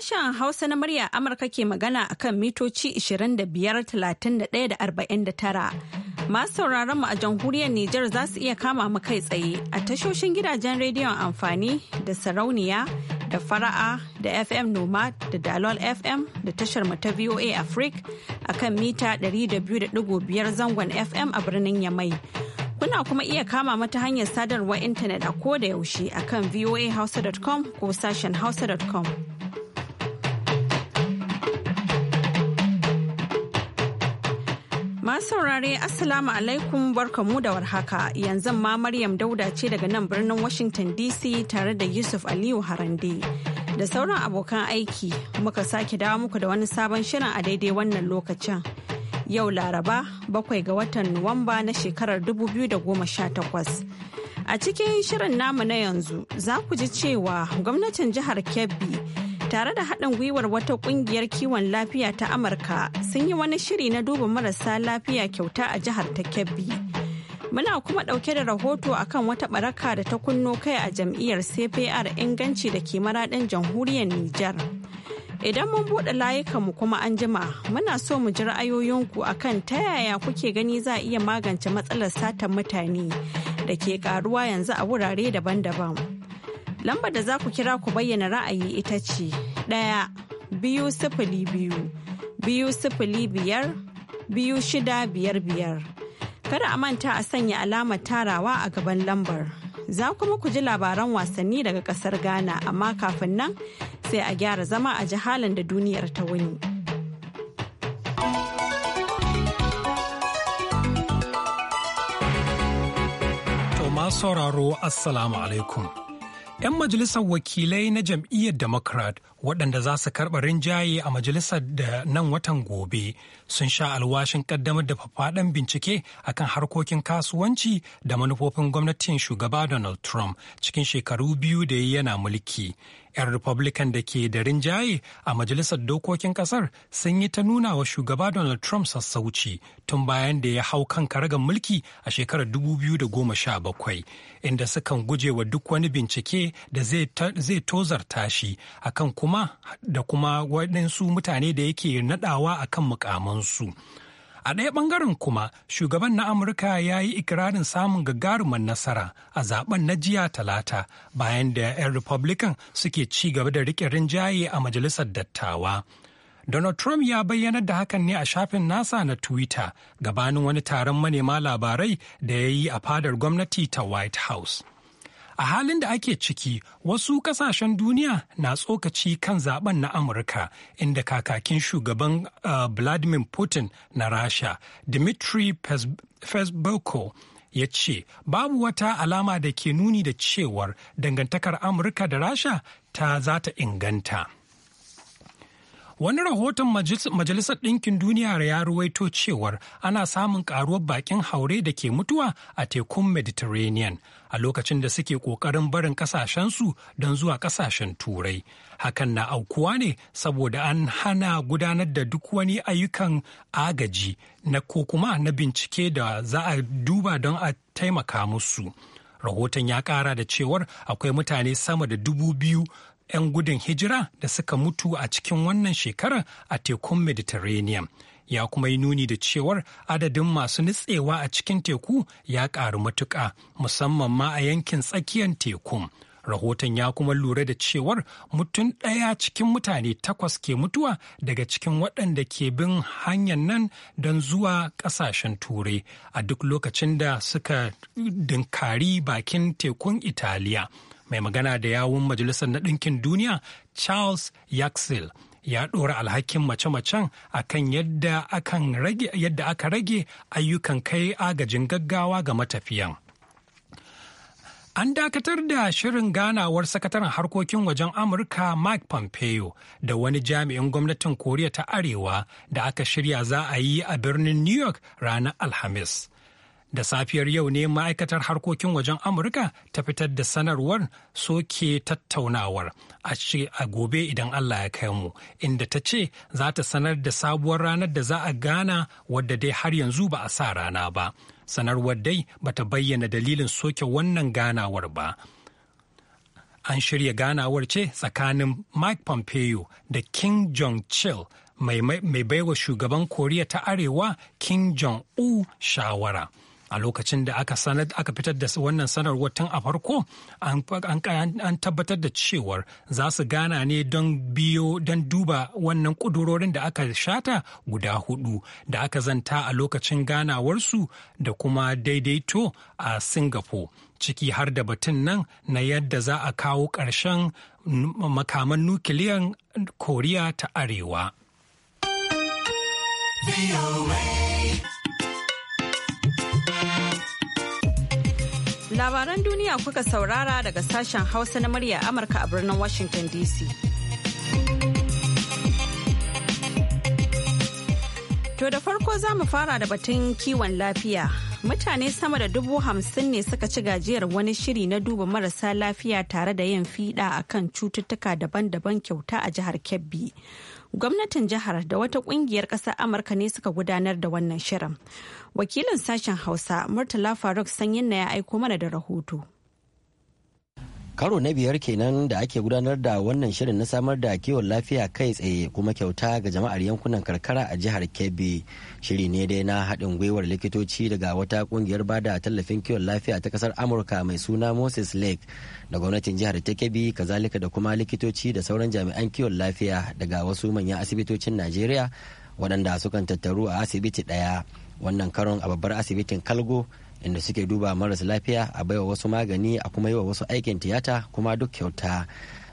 Sashen Hausa na murya Amurka ke magana a kan mitoci arba'in da tara Masu sauraron mu a jamhuriyar Nijar za su iya kama mu kai tsaye a tashoshin gidajen rediyon amfani da sarauniya da fara'a da FM Noma da Dalol FM da tashar mu ta VOA Africa kan mita 200.5 zangon FM a birnin Yamai. Kuna kuma iya kama mata hanyar sadarwa intanet a koda yaushe kan voahausa.com ko sashen hausa.com. Masu saurare Assalamu alaikum barkamu da warhaka yanzu ma Maryam Dauda ce daga nan birnin Washington DC tare da Yusuf Aliyu Harande. Da sauran abokan aiki muka sake dawo muku da wani sabon shirin a daidai wannan lokacin. Yau Laraba bakwai ga watan Nuwamba na shekarar 2018. A cikin shirin namu na yanzu za ku ji cewa gwamnatin jihar Kebbi tare da haɗin gwiwar wata ƙungiyar kiwon lafiya ta Amurka sun yi wani shiri na duba marasa lafiya kyauta a jihar ta Kebbi. Muna kuma ɗauke da rahoto a kan wata ɓaraka da ta kunno kai a jam'iyyar CPR inganci da ke maraɗin jamhuriyar Nijar. Idan mun buɗe layukanmu kuma an jima, muna so mu ji ra'ayoyinku akan ta yaya kuke gani za a iya magance matsalar satan mutane da ke ƙaruwa yanzu a wurare daban-daban. Lambar da za ku kira ku bayyana ra'ayi ita ce ɗaya biyu sifili biyu biyu sifili biyar biyu shida biyar biyar. Kada a manta a sanya alamar tarawa a gaban lambar. Za kuma ku ji labaran wasanni daga ƙasar Ghana amma kafin nan sai a gyara zama a jihalin da duniyar ta wuni. sauraro Assalamu alaikum. 'Yan majalisar wakilai na jam'iyyar Democrat waɗanda za su karɓa rinjaye a majalisar da nan watan gobe sun sha alwashin ƙaddamar da faɗan bincike a kan harkokin kasuwanci da manufofin gwamnatin shugaba Donald Trump cikin shekaru biyu da yana mulki. 'yan republican da ke da rinjaye a majalisar dokokin kasar sun yi ta nuna wa shugaba donald trump sassauci tun bayan da ya hau kan karagar mulki a shekarar 2017 inda sukan guje wa duk wani bincike da zai tozarta shi akan kuma da kuma waɗansu mutane da yake naɗawa akan mukamansu. A ɗaya ɓangaren kuma, shugaban na Amurka ya yi ikirarin samun gagarumar nasara a zaben na jiya talata bayan da 'yan Republican suke ci gaba da riƙe rinjaye a majalisar dattawa. Donald Trump ya bayyana da hakan ne a shafin nasa na Twitter gabanin wani taron manema labarai da ya yi a fadar gwamnati ta White House. A halin da ake ciki, wasu kasashen duniya na tsokaci kan zaben na Amurka, inda kakakin shugaban uh, Vladimir Putin na Rasha, Dmitry fesboko ya ce babu wata alama da ke nuni da cewar dangantakar Amurka da Rasha ta za ta inganta. Wani rahoton Majalisar Ɗinkin Duniya ya ruwaito cewar ana samun ƙaruwar bakin haure da ke mutuwa a tekun Mediterranean a lokacin da suke ƙoƙarin barin ƙasashensu don zuwa ƙasashen Turai. Hakan na aukuwa ne saboda an hana gudanar da duk wani ayyukan agaji na ko kuma na bincike da za a duba don a taimaka musu. Rahoton ya ƙara da cewar akwai mutane sama da dubu biyu 'yan gudun hijira da suka mutu a cikin wannan shekarar a tekun Mediterranean. Ya kuma yi nuni da cewar adadin masu nutsewa a cikin teku ya ƙaru matuƙa musamman ma a yankin tsakiyar tekun. Rahoton ya kuma lura da cewar mutum ɗaya cikin mutane takwas ke mutuwa daga cikin waɗanda ke bin hanyar nan don zuwa ƙasashen turai a duk lokacin da suka dinkari bakin tekun Italiya. mai magana da yawun majalisar na ɗinkin duniya charles yaxil ya ɗora alhakin mace-macen a kan yadda aka rage ayyukan kai agajin gaggawa ga matafiyan. An dakatar da shirin ganawar sakataren harkokin wajen Amurka Mike Pompeo da wani jami'in gwamnatin Koriya ta Arewa da aka shirya za a yi a birnin New York ranar Alhamis. Da safiyar yau ne ma'aikatar harkokin wajen Amurka ta fitar da sanarwar soke tattaunawar a ce a gobe idan Allah ya kai mu, inda ta ce za ta sanar da sabuwar ranar da za a gana wadda dai har yanzu ba a sa rana ba. Sanarwar dai bata bayyana dalilin soke wannan ganawar ba. An shirya ganawar ce tsakanin Mike Pompeo da King Jong Chil mai baiwa shugaban Koriya ta Arewa King jong U shawara. a lokacin da aka sanar aka fitar da wannan sanarwar tun a farko an tabbatar da cewar za su gana ne don biyo don duba wannan kudurorin da aka shata guda hudu da aka zanta a lokacin ganawarsu da kuma daidaito a singapore ciki har da batun nan na yadda za a kawo ƙarshen makaman nukiliyan koriya ta arewa. Labaran duniya kuka saurara daga sashen Hausa na murya Amurka a birnin Washington DC. To da farko za mu fara da batun kiwon lafiya. Mutane sama da dubu hamsin ne suka ci gajiyar wani shiri na duba marasa lafiya tare da yin fiɗa akan cututtuka daban-daban kyauta a jihar Kebbi. gwamnatin jihar da wata kungiyar ƙasar amurka ne suka gudanar da wannan shirin wakilin sashen hausa murtala faruk sanyin na ya aiko mana da rahoto karo na biyar kenan da ake gudanar da wannan shirin na samar da kiwon lafiya kai tsaye kuma kyauta ga jama'ar yankunan karkara a jihar kebbi shiri ne dai na haɗin gwiwar likitoci daga wata kungiyar bada tallafin kiwon lafiya ta kasar amurka mai suna moses lake da gwamnatin jihar ta kebbi kazalika da kuma likitoci da sauran jami'an kiwon lafiya daga wasu manyan asibitocin najeriya waɗanda sukan tattaru a asibiti ɗaya wannan karon a babbar asibitin kalgo inda suke duba marasa lafiya a baiwa wasu magani a kuma yi wa wasu aikin tiyata kuma duk kyauta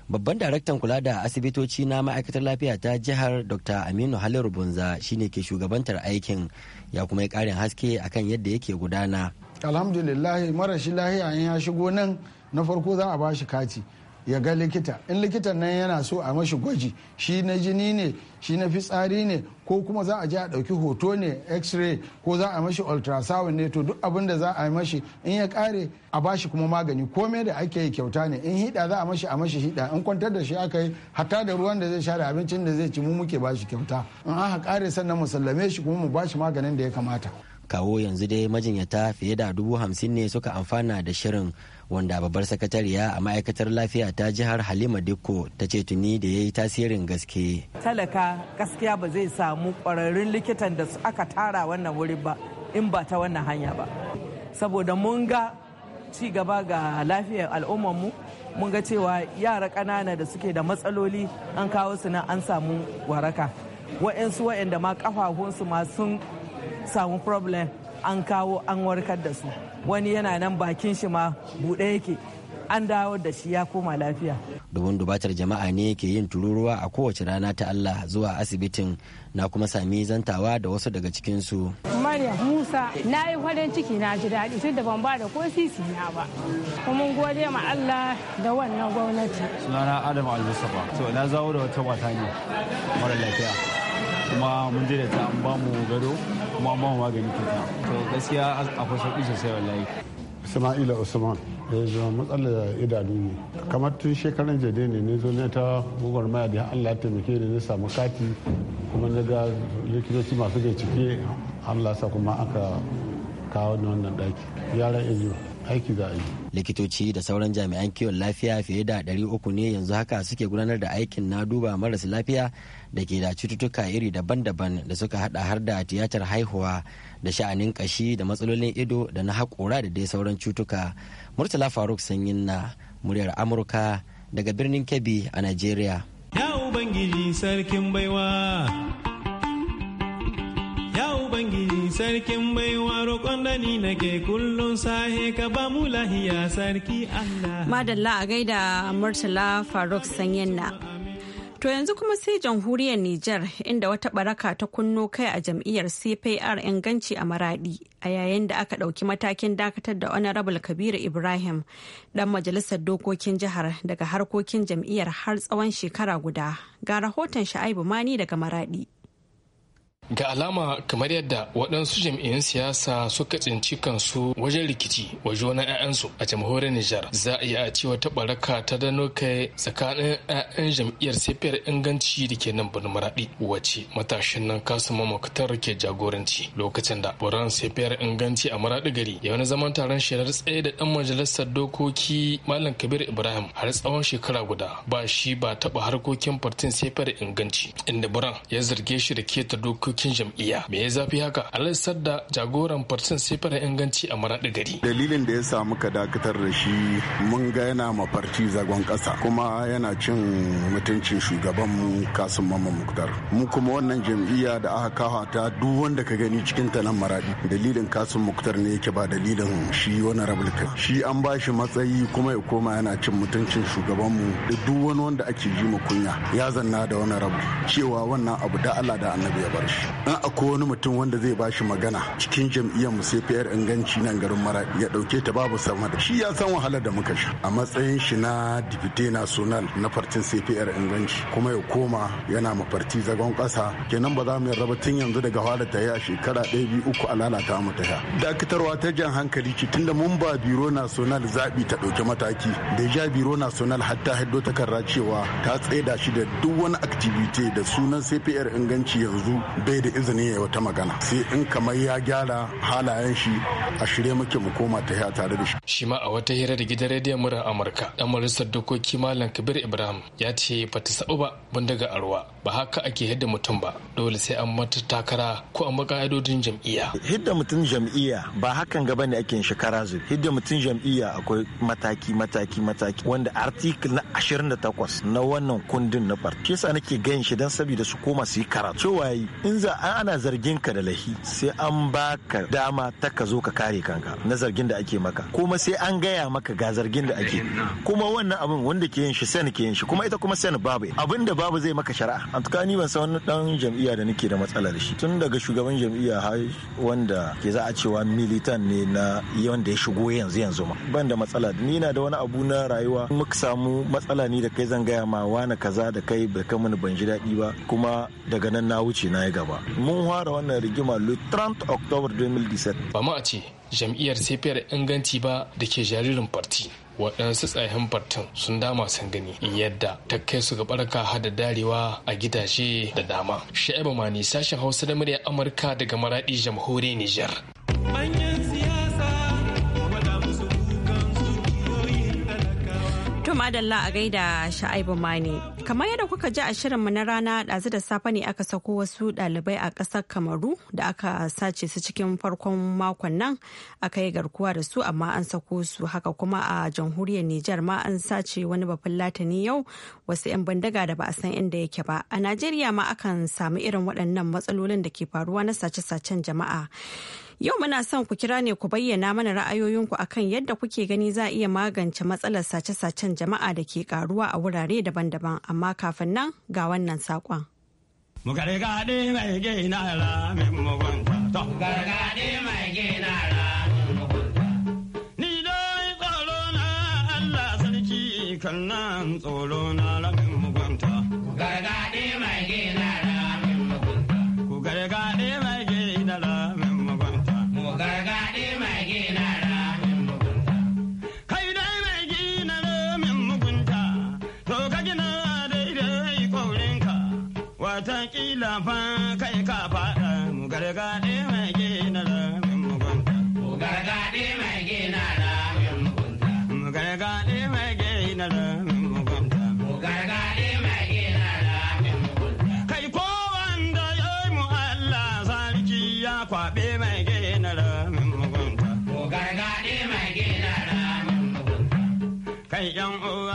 babban daraktan kula da asibitoci na ma'aikatar lafiya ta jihar dr aminu haliru bunza shine ke shugabantar aikin ya kuma yi karin haske akan yadda yake gudana alhamdulillah marashi lahiya ya shigo nan na farko za a bashi kati ya ga likita in likitan nan yana so a mashi gwaji shi na jini ne shi na fitsari ne ko kuma za a je a ɗauki hoto ne x-ray ko za a mashi ultrasound ne to duk abin da za a mashi in ya kare a bashi kuma magani komai da ake yi kyauta ne in hida za a mashi a mashi hida in kwantar da shi aka yi hatta da ruwan da zai sha da abincin da zai ci mu muke bashi kyauta in aka kare sannan mu sallame shi kuma mu bashi maganin da ya kamata kawo yanzu dai majinyata fiye da dubu hamsin ne suka amfana da shirin wanda babbar sakatariya a ma'aikatar lafiya ta jihar halima dikko ta ce tuni da ya yi tasirin gaske talaka gaskiya ba zai samu kwararrun likitan da aka tara wannan wuri ba in ba ta wannan hanya ba saboda mun ga ci gaba ga lafiyar al'ummarmu mun ga cewa yara ƙanana da suke da matsaloli an kawo su nan an samu waraka waɗansu waɗanda ma ƙafafunsu ma sun samu problem an kawo an warkar da su wani yana nan bakin shi ma buɗe yake an dawo da shi ya koma lafiya. Domin dubatar jama'a ne ke yin tururuwa a kowace rana ta Allah zuwa asibitin na kuma sami zantawa da wasu daga cikinsu. Maryam Musa na yi farin ciki na ji daɗi tun da ban ba da ko sisi na ba. Kuma gode ma Allah da wannan gwamnati. Sunana Adam al To na zawo da wata mata ne mara lafiya. kuma mun je ta an ba mu gado kuma an ba mu magani ta to gaskiya akwai sauki sosai wallahi Isma'ila Usman ya eh, zo matsalar idanu ne kamar tun shekaran jade ne ne zo ne ta gwagwarmaya da Allah ya taimake ni na samu kati kuma na ga likitoci masu bincike Allah sa kuma aka kawo wannan daki yaran yanzu aiki za a yi likitoci da sauran jami'an kiwon lafiya fiye da ɗari uku ne yanzu haka suke gudanar da aikin na duba maras lafiya da ke da cututtuka iri daban-daban da suka haɗa har da tiyatar haihuwa da sha'anin ƙashi da matsalolin ido da na haƙora da dai sauran cutuka murtala faruk sanyin na muryar amurka daga birnin kebbi a najeriya ya ubangiji sarkin baiwa Sarkin baiwaro roƙon nake kullum sahe ka ba lahiya sarki Allah. Madalla a gaida Murtala Faruk Sanyenna. To yanzu kuma sai jamhuriyar Nijar inda wata baraka ta kunno kai a jam'iyyar CPR inganci a maradi a yayin da aka ɗauki matakin dakatar da Honorable Kabiru Ibrahim ɗan majalisar dokokin jihar daga harkokin jam'iyyar har tsawon shekara guda ga rahoton Sha'aibu Mani daga maradi. ga alama kamar yadda waɗansu jam'iyyun siyasa suka tsinci kansu wajen rikici waje na 'ya'yansu a jamhuriyar nijar za a iya cewa ta baraka ta dano kai tsakanin 'ya'yan jam'iyyar safiyar inganci da ke nan birnin maraɗi wacce matashin nan kasu mamakutar ke jagoranci lokacin da buran safiyar inganci a maraɗi gari ya wani zaman taron shirar tsaye da ɗan majalisar dokoki malam kabir ibrahim har tsawon shekara guda ba shi ba taɓa harkokin fartin safiyar inganci inda buran ya zarge shi da keta dokoki dokokin jam'iyya me ya zafi haka alaisar da jagoran farcen sefara inganci a maraɗi gari dalilin da ya samu ka dakatar da shi mun ga yana mafarki zagon ƙasa kuma yana cin mutuncin shugaban mu kasu mamman muktar mu kuma wannan jam'iyya da aka kawo ta duk wanda ka gani cikin ta nan maraɗi dalilin kasu muktar ne yake ba dalilin shi wani rabulka shi an ba shi matsayi kuma ya koma yana cin mutuncin shugaban mu da duk wani wanda ake ji kunya ya zanna da wani rabu cewa wannan abu da Allah da annabi ya bar shi in akwai wani mutum wanda zai bashi magana cikin jam'iyyar mu sai fiyar inganci nan garin mara ya dauke ta babu sama da shi ya san wahalar da muka sha a matsayin shi na dipite national na fartin cpr inganci kuma ya koma yana mafarti zagon kasa kenan ba za mu yarda ba tun yanzu daga fara ta a shekara ɗaya biyu uku a lalata mu ta ya dakatarwa ta jan hankali ce tunda mun ba biro national zaɓi ta ɗauki mataki da ja biro national hatta haddo takarda cewa ta tsaida shi da duk wani activity da sunan cpr inganci yanzu bai bai da izini ya wata magana sai in kamar ya gyara halayen shi a shirye muke mu koma ta tare da shi shi ma a wata hira da gidan rediyon murar amurka dan majalisar dokoki malam kabir ibrahim ya ce ba ta sabu ba daga arwa ba haka ake hidda mutum ba dole sai an mata takara ko an baka ka'idodin jam'iyya hidda mutum jam'iyya ba hakan gaba ne ake shekara zu hidda mutum jam'iyya akwai mataki mataki mataki wanda article na ashirin da takwas na wannan kundin na farko shi yasa nake ganin shi dan saboda su koma su yi karatu in soja ana zargin ka da lahi sai an baka dama ta ka zo ka kare kanka na zargin da ake maka kuma sai an gaya maka ga zargin da ake kuma wannan abin wanda ke yin shi sen ke yin shi kuma ita kuma sen babu abin da babu zai maka shari'a an tuka ni ban san wani dan jam'iyya da nake da matsala da shi tun daga shugaban jam'iyya har wanda ke za a cewa militan ne na wanda ya shigo yanzu yanzu ma ban da matsala ni na da wani abu na rayuwa muka samu matsala ni da kai zan gaya ma wani kaza da kai bai kai mini ban ji daɗi ba kuma daga nan na wuce na yi gaba mun fara wannan rigima le 30 october 2017 ba ma a ce jam'iyyar cpr inganci ba da ke jaririn farti waɗansu tsayin fartin sun dama sun gani yadda ta kai su ga barka hada darewa a gidaje da dama sha'ibu mani sashen hausa da murya amurka daga maraɗi jamhuriyar nijar. madalla a gaida sha'aibu mani kamar yadda kuka ji a shirinmu na rana ɗazu da safe ne aka sako wasu ɗalibai a ƙasar kamaru da aka sace su cikin farkon makon nan aka yi garkuwa da su amma an sako su haka kuma a jamhuriyar nijar ma an sace wani bafin latani yau wasu 'yan bindiga da ba a san inda yake ba a najeriya ma akan samu irin waɗannan matsalolin da ke faruwa na sace-sacen jama'a Yau muna son ku kira ne ku bayyana mana ra'ayoyinku akan yadda kuke gani za a iya magance matsalar sace-sacen jama'a da ke karuwa a wurare daban-daban amma kafin nan ga wannan saƙon. Mugargaɗe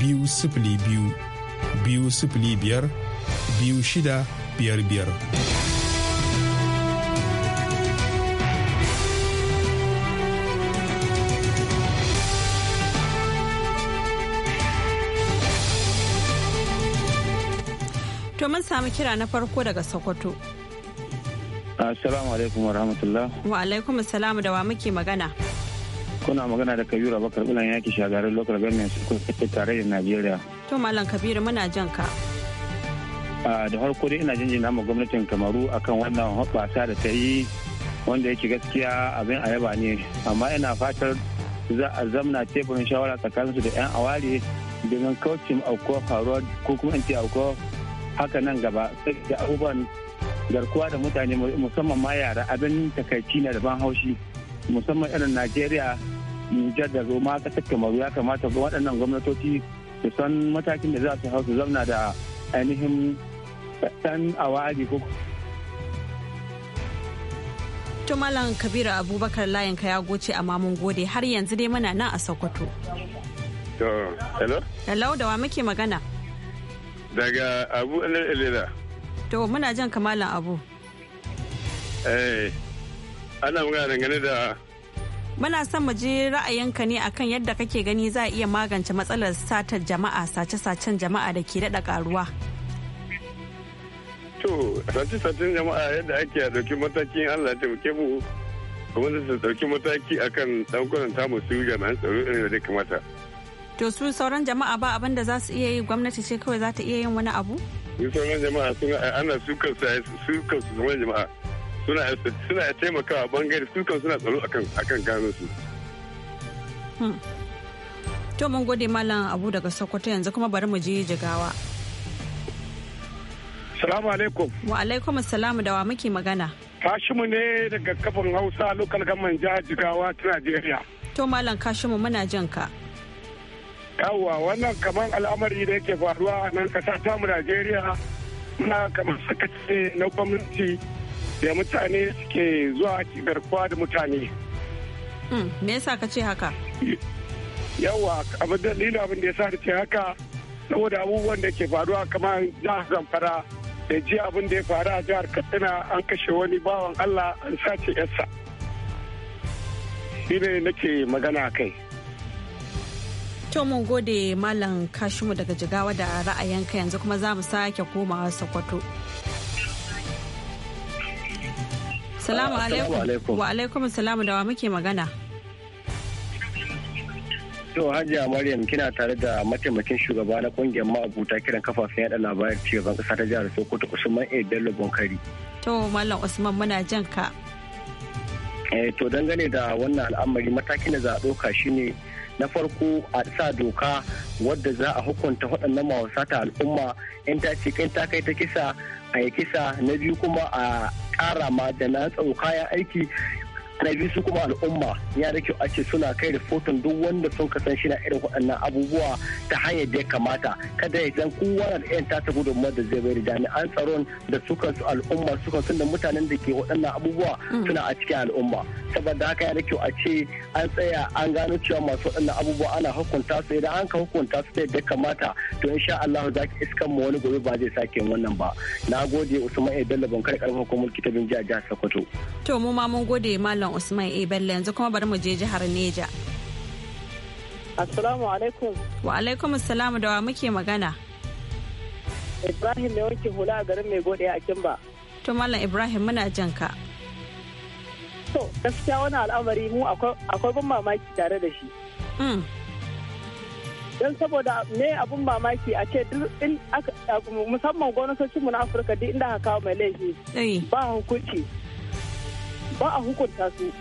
biyu sifili biyu biyu sifili biyar biyu shida biyar biyar. To mun samu kira na farko daga Sokoto. Assalamu alaikum wa rahmatullah. Wa alaikum assalamu da wa muke magana. kuna magana da kabiru abakar bulan yaki shagarin local government school tare da najeriya to malam kabiru muna jan ka da farko dai ina jinjina ma gwamnatin kamaru akan wannan basa da ta yi wanda yake gaskiya abin a yaba ne amma ina fatar za a zamna teburin shawara tsakaninsu da 'yan aware domin kaucin aukuwa faruwa ko kuma in ce auko haka nan gaba sai da abubuwan garkuwa da mutane musamman ma yara abin takaici na da ban haushi musamman irin najeriya Nijar da ma ƙasar Kamaru ya kamata waɗannan gwamnatoci su san matakin da za su hau su zauna da ainihin ɗan awari ko to Malam Kabiru Abubakar ka ya goce a mamun gode har yanzu dai muna nan a Sokoto. To, hello? Hello, da wa muke magana? Daga Abu Elela. To, muna jan kamalan Abu. Eh, ana magana dangane da Muna son mu ji ra'ayinka ne akan yadda kake gani za a iya magance matsalar satar jama'a sace-sacen jama'a da ke daɗa karuwa. To, sace-sacen jama'a yadda ake a ɗauki matakin Allah taimake mu da su ɗauki mataki akan ɗaukunan tamu su jami'an tsaro irin da kamata. To su sauran jama'a ba abin da za su iya yi gwamnati ce kawai za ta iya yin wani abu? Su sauran jama'a suna ana su kansu su kansu sauran jama'a. suna suna taimakawa bangare su kan suna tsaro akan akan gano su hmm. to mun gode malam abu daga sokoto yanzu kuma bari mu je jigawa salamu alaikum wa alaikum assalam da wa muke magana kashimu ne daga kafin hausa local government jihar jigawa ta najeriya to malam kashimu muna jin ka yawwa wannan kamar al'amari da yake faruwa a nan kasa ta mu najeriya muna kamar sakace na gwamnati da mutane suke zuwa garkuwa da mutane. Hmm, me yasa ka ce haka? Yawa, abin dalilin abin da ya sa ce haka saboda abubuwan da ke faruwa kamar jihar Zamfara da ji abin da ya faru a jihar Katsina an kashe wani bawan Allah an sace yarsa. Shi ne nake magana kai. To mun gode Malam Kashimu daga Jigawa da ra'ayinka yanzu kuma za mu sake komawa Sokoto. Salamu alaikum. Wa alaikum salamu da wa muke magana. To hajji Maryam kina tare da mataimakin shugaba na kungiyar ma'abuta kiran kafafen yada labarin ban kasa ta jihar Sokoto Usman A Bello Bonkari. To Mallam Usman muna jan ka. Eh to dangane da wannan al'amari matakin da za a ɗauka shine na farko a sa doka wadda za a hukunta waɗannan ta al'umma in ta ce kai ta kai ta kisa a yi kisa na biyu kuma a Ƙara ma da na tsawo kayan aiki na biyu su kuma al'umma ya da kyau a suna kai rahoton duk wanda sun kasan shi na irin waɗannan abubuwa ta hanyar da ya kamata kada ya zan kowa da ta ta gudunmawar da zai bayar jami'an tsaron da su kansu al'umma su kansu da mutanen da ke waɗannan abubuwa mm. suna a cikin al'umma saboda haka ya da kyau a ce an tsaya an gano cewa masu waɗannan abubuwa ana hukunta su idan an ka hukunta su da ya kamata to insha Allah za ki iskan mu wani gobe ba zai sake wannan ba na gode Usman Bello Bankar karfin hukumar kitabin jihar Sokoto to mu ma mun gode malam Usman A Bello yanzu kuma bari mu je jihar Neja. Assalamu alaikum. Wa alaikum assalamu da wa muke magana. Ibrahim ne wanke hula a garin mai gode a Kimba. To mallam Ibrahim muna jan ka. To gaskiya wani al'amari mu akwai ban mamaki tare da shi. Mm. Don saboda me abun mamaki a ce musamman gwamnatocinmu na Afirka duk inda aka kawo mai laifi ba hukunci. ba a hukunta su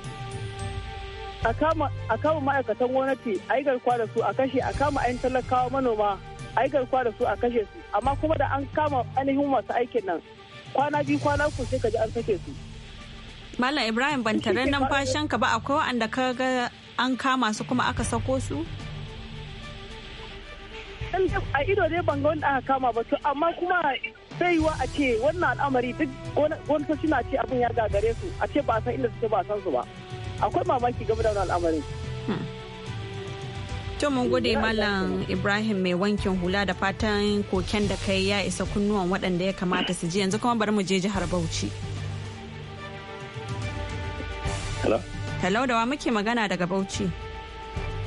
a kama ma'aikatan gwamnati a yi garkuwa da su a kashe a kama ayin talakawa manoma a yi garkuwa da su a kashe su amma kuma da an kama ainihin masu aikin nan kwana biyu kwana uku sai ka ji an sake su. Malam Ibrahim ban tare numfashinka ba akwai waɗanda ka ga an kama su kuma aka sako su? a ido dai ban ga wanda aka kama ba to amma kuma sai yiwa a ce wannan al'amari duk gwamnatoci na ce abin ya gagare su a ce ba san inda suke ba san su ba akwai mamaki game da wannan al'amari. Hmm. To mun gode Malam Ibrahim mai wankin hula da fatan koken da kai ya isa kunnuwan waɗanda ya kamata su ji yanzu kuma bari mu je jihar Bauchi. Hello da wa muke magana daga Bauchi.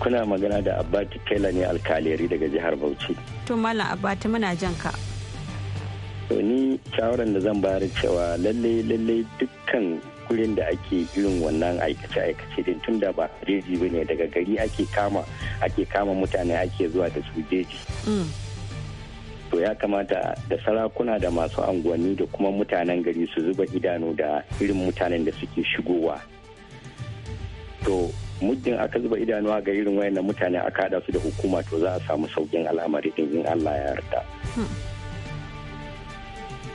kuna magana da abati kaila ne alkaleri daga jihar bauchi to mallam abati muna jan ka to ni shawaran da zan bayar cewa lalle lalle dukkan gurin da ake irin wannan aikace aikace din tun da ba ne bane daga gari ake kama ake kama mutane ake zuwa da su jeji mm. to ya kamata da sarakuna da masu anguwanni da kuma mutanen gari su zuba idanu da irin mutanen da suke shigowa to muddin aka zuba idanuwa ga irin wayan mutane aka hada su da hukuma to za a samu saukin al'amari din in Allah ya yarda. Hmm.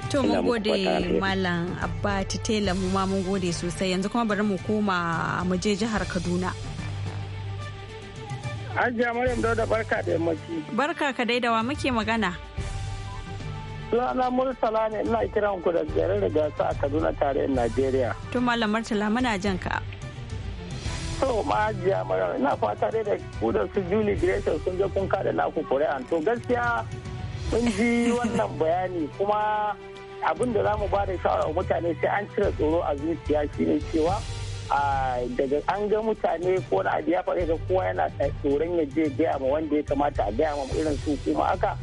To mun gode Malam Abba Titela mu ma mun gode sosai yanzu kuma bari mu koma mu je jihar Kaduna. Hajiya Maryam da barka da yammaci. Barka ka daidawa muke magana. Sunana Murtala ne ina kiran ku da da gasa a Kaduna tarayyar Najeriya. To Malam Murtala muna jan ka. ma ma'ajiya mara ina fata dai da ku da su juli gresham sun je kun kada naku kuri'an to gaskiya mun ji wannan bayani kuma abin da za mu ba da shawara wa mutane sai an cire tsoro a zuciya shi ne cewa daga an ga mutane ko na abu ya faɗi da kowa yana tsoron ya je gaya ma wanda ya kamata a gaya ma irin su kuma aka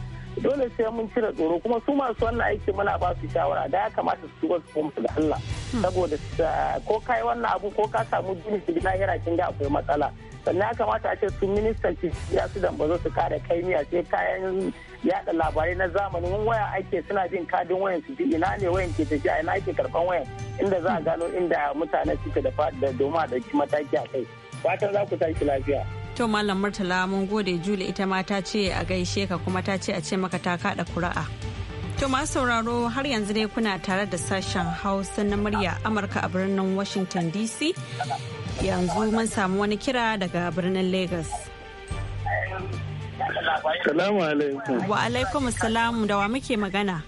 dole sai mun cire tsoro kuma su masu wannan aiki muna ba su shawara da ya kamata su tuba su koma ga Allah hmm. saboda eh, ko kai wannan abu ko ka samu jini su hira kin ga akwai matsala sannan ya kamata a ce su ministan ci ya su dambazo su kare miya sai kayan yada labarai na zamanin mun waya ake suna jin kadin wayan su ina ne wayan ke tafiya ina ake karban wayan inda za a gano inda mutane suke da domin a ɗauki mataki a kai fatan za ku tashi lafiya. To Malam Murtala mun gode Juli ita ma ta ce a gaishe ka kuma ta ce a ce maka ta kada kura'a. To masu sauraro har yanzu dai kuna tare da sashen Hausa na murya Amurka a birnin Washington DC. Yanzu mun samu wani kira daga birnin Lagos. Salamu Wa alaikum salamu da wa muke magana.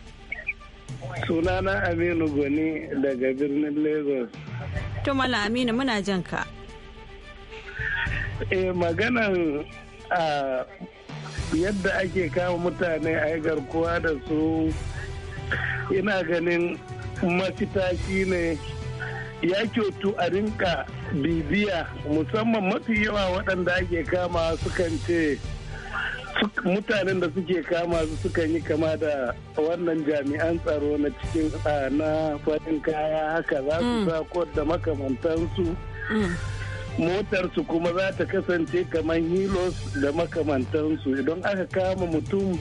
Sunana Aminu Goni daga birnin Lagos. To Malam Aminu muna jan ka. eh maganan yadda ake kama mutane a yi garkuwa da su ina ganin mafita ne ya kyautu a rinka bibiya musamman mafi yawa waɗanda ake kama sukan ce mutanen da suke kama su sukan yi kama da wannan jami'an tsaro na cikin na farin kaya haka za su mm. sa da makamantansu mm. motarsu kuma za ta kasance kamar hilos da makamantansu idan aka kama mutum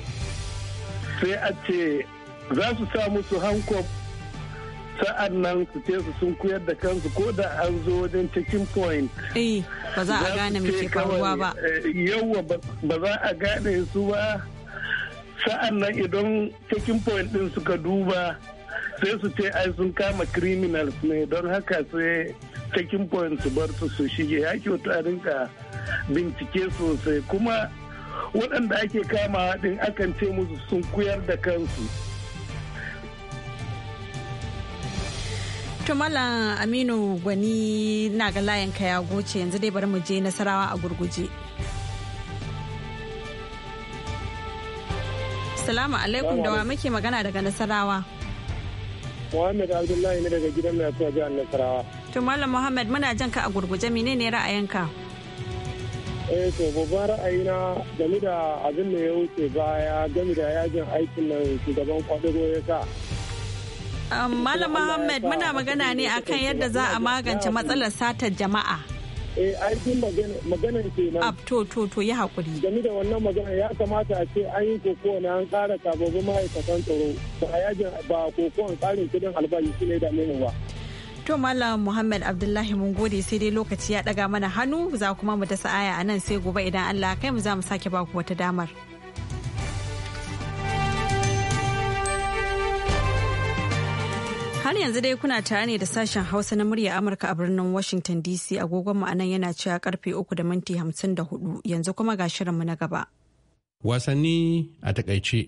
sai a ce za su sa musu hankob sa'an nan su ce su sun koyar da kansu ko da an zo wajen cikin point eh, a gane mai faruwa ba eh, yawa ba za a gane su ba sa'an nan idan cikin point din suka duba sai su ce ai sun kama criminals ne don haka sai taking point su bar su su shige ya ke rinka bincike sosai kuma waɗanda ake kama din akan ce musu sun kuyar da kansu tumalan Aminu Gwani na ga ka ya goce yanzu dai bari mu je nasarawa a gurguje. salamu alaikum da wa muke magana daga Nasarawa. Muhammad Abdullahi ne daga gidan lafiya jihar Nasarawa. To Malam Muhammad muna jan ka a gurguje ne ra'ayinka? Eh to babban ra'ayina game da abin da ya wuce baya game da yajin aikin nan shugaban kwadugo ya sa. Um, Malam Muhammad muna magana ne akan yadda za a magance matsalar satar jama'a. Eh aikin magana ke nan. Ab to to to ya haƙuri. Game da wannan magana ya kamata a ce an yi koko na an ƙara sababbin ma'aikatan tsaro ba yajin ba koko an tsarin kudin albashi shi ne da ba. To Malam Muhammad Abdullahi mun gode sai dai lokaci ya daga mana hannu za kuma mu dasa aya a nan sai gobe idan Allah kai mu za mu sake baku wata damar. Har yanzu dai kuna tare ne da sashen Hausa na murya Amurka a birnin Washington DC agogon mu anan yana cewa karfe 3 da minti 54 yanzu kuma ga shirinmu na gaba. Wasanni a takaice.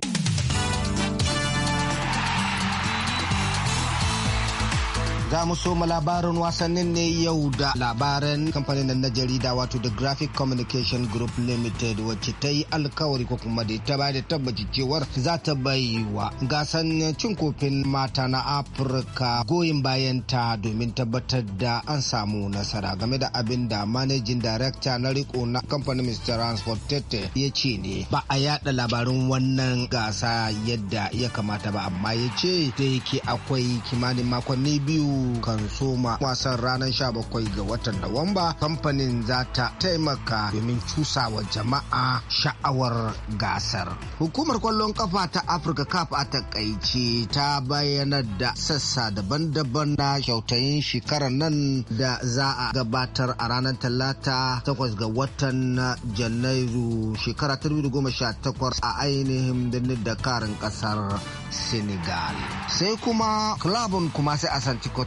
Za mu labarin wasannin ne yau da labaran kamfanin na jarida wato The Graphic Communication Group Limited wacce ta yi alkawari ko kuma da ta bada tabbaci cewar za ta bai wa gasan cin kofin mata na Afirka goyin bayan ta domin tabbatar da an samu nasara game da abin da managing director na riko na kamfanin Mr. Transport Tete ya ce ne ba a yada labarin wannan gasa yadda ya kamata ba amma ya ce da yake akwai kimanin makonni biyu kan soma wasan ranar 17 ga watan Nuwamba kamfanin za ta taimaka domin cusa wa jama'a sha'awar gasar. Hukumar kwallon kafa ta Afirka kaf a takaice ta bayyana da sassa daban-daban na kyautayin shekarar nan da za a gabatar a ranar talata 8 ga watan Janairu shekara 2018 a ainihin birnin Dakarun kasar Senegal. Sai kuma kuma sai a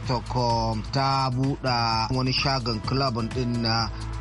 protocol ta buɗa wani shagon club din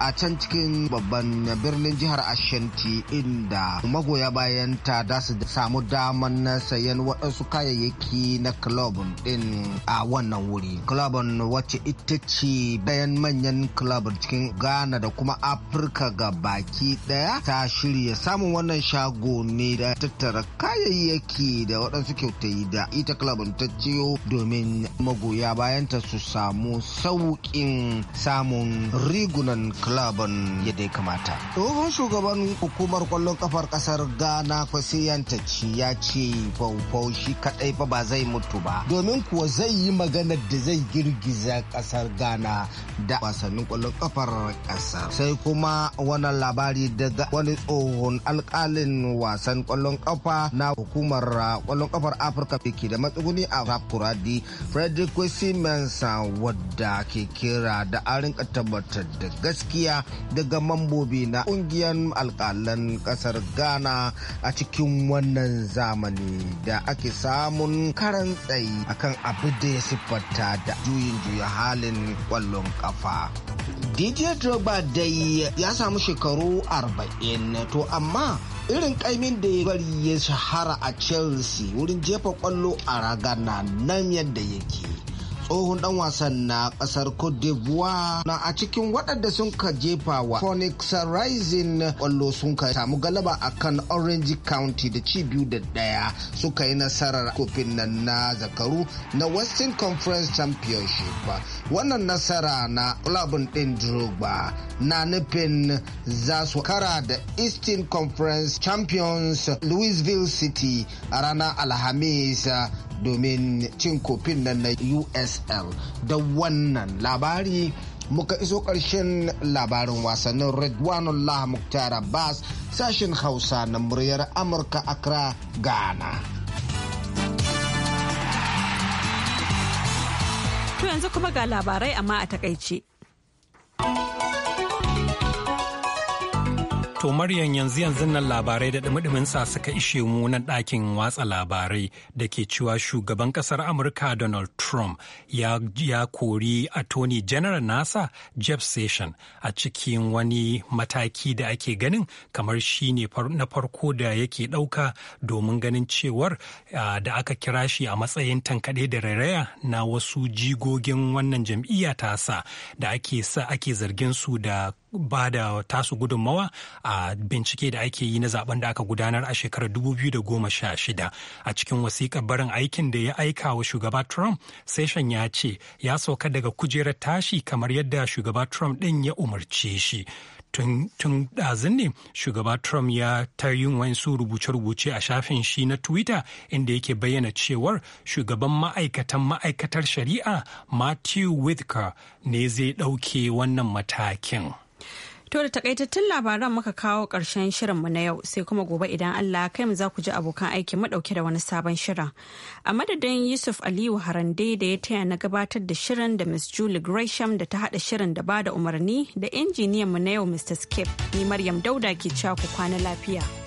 a can cikin babban birnin jihar ashanti inda magoya bayan ta da su samu daman sayan waɗansu kayayyaki na club din a wannan wuri club wacce ita ce bayan manyan club cikin ghana da kuma afirka ga baki ɗaya ta shirya samun wannan shago ne da tattara kayayyaki da waɗansu kyautai da ita club ta ciyo domin magoya bayan kayanta su samu sauƙin samun rigunan klaban yadda ya kamata. Tsohon shugaban hukumar kwallon kafar ƙasar Ghana Kwasiyanta ci ya ce faufau shi kaɗai fa ba zai mutu ba. Domin kuwa zai yi magana da zai girgiza ƙasar Ghana da wasannin kwallon kafar ƙasar. Sai kuma wannan labari daga wani tsohon alƙalin wasan kwallon kafa na hukumar kwallon kafar Afirka da ke da matsuguni a Kuradi Frederick mensa wadda ke kira da a rinka tabbatar da gaskiya daga mambobi na kungiyar alkalan kasar ghana a cikin wannan zamani da ake samun karan tsayi akan abu da ya siffata da juyin juya halin kwallon kafa dj drogba dai ya samu shekaru 40 to amma irin kaimin da ya bari ya shahara a chelsea wurin jefa kwallo a raga nan yadda yake tsohon dan wasan na kasar Cote d'Ivoire na a cikin waɗanda sun ka jefa wa Phoenix Rising kwallo sun ka samu galaba a kan Orange County da ci biyu da ɗaya suka yi nasarar kofin nan na zakaru na Western Conference Championship. Wannan nasara na kulabun ɗin Drogba na nufin za su kara da Eastern Conference Champions Louisville City a ranar Alhamis domin cin kofin nan na usl da wannan labari muka iso ƙarshen labarin wasannin redwanullah muktar abbas sashen hausa na muryar amurka accra ghana to yanzu kuma ga labarai amma a takaice To Maryam yanzu yanzu nan labarai da dumudumin sa suka ishe mu na ɗakin watsa labarai da ke cewa shugaban ƙasar Amurka Donald Trump ya, ya kori Attorney General nasa Jeff Session a cikin wani mataki da ake ganin kamar shi ne na farko da yake ɗauka domin ganin cewar da aka kira shi a matsayin tankaɗe da rairaya na wasu jigogin wannan jam'iyya tasa da ake sa ake zargin su da ba da tasu gudunmawa a bincike da ake yi na zaben da aka gudanar a shekarar 2016 a cikin wasiƙar barin aikin da ya aika wa shugaba trump session ya ce ya sauka daga kujerar tashi kamar yadda shugaba trump ɗin ya umarce shi tun ɗazin ne shugaba trump ya ta yin wasu rubuce-rubuce a shafin shi na twitter inda yake bayyana cewar shugaban ma'aikatan ma'aikatar shari'a matthew whitaker ne zai ɗauke wannan matakin To da takaitattun labaran muka kawo ƙarshen mu na yau sai kuma gobe idan Allah kai mu za ku ji abokan aiki madauke da wani sabon shirin. A madadin Yusuf Aliyu Harande da ya taya na gabatar da shirin da Miss Julie Gresham da ta haɗa shirin da ba da umarni da injiniyan mu na yau Mr. Skip ni Maryam Dauda ke cewa ku kwana lafiya.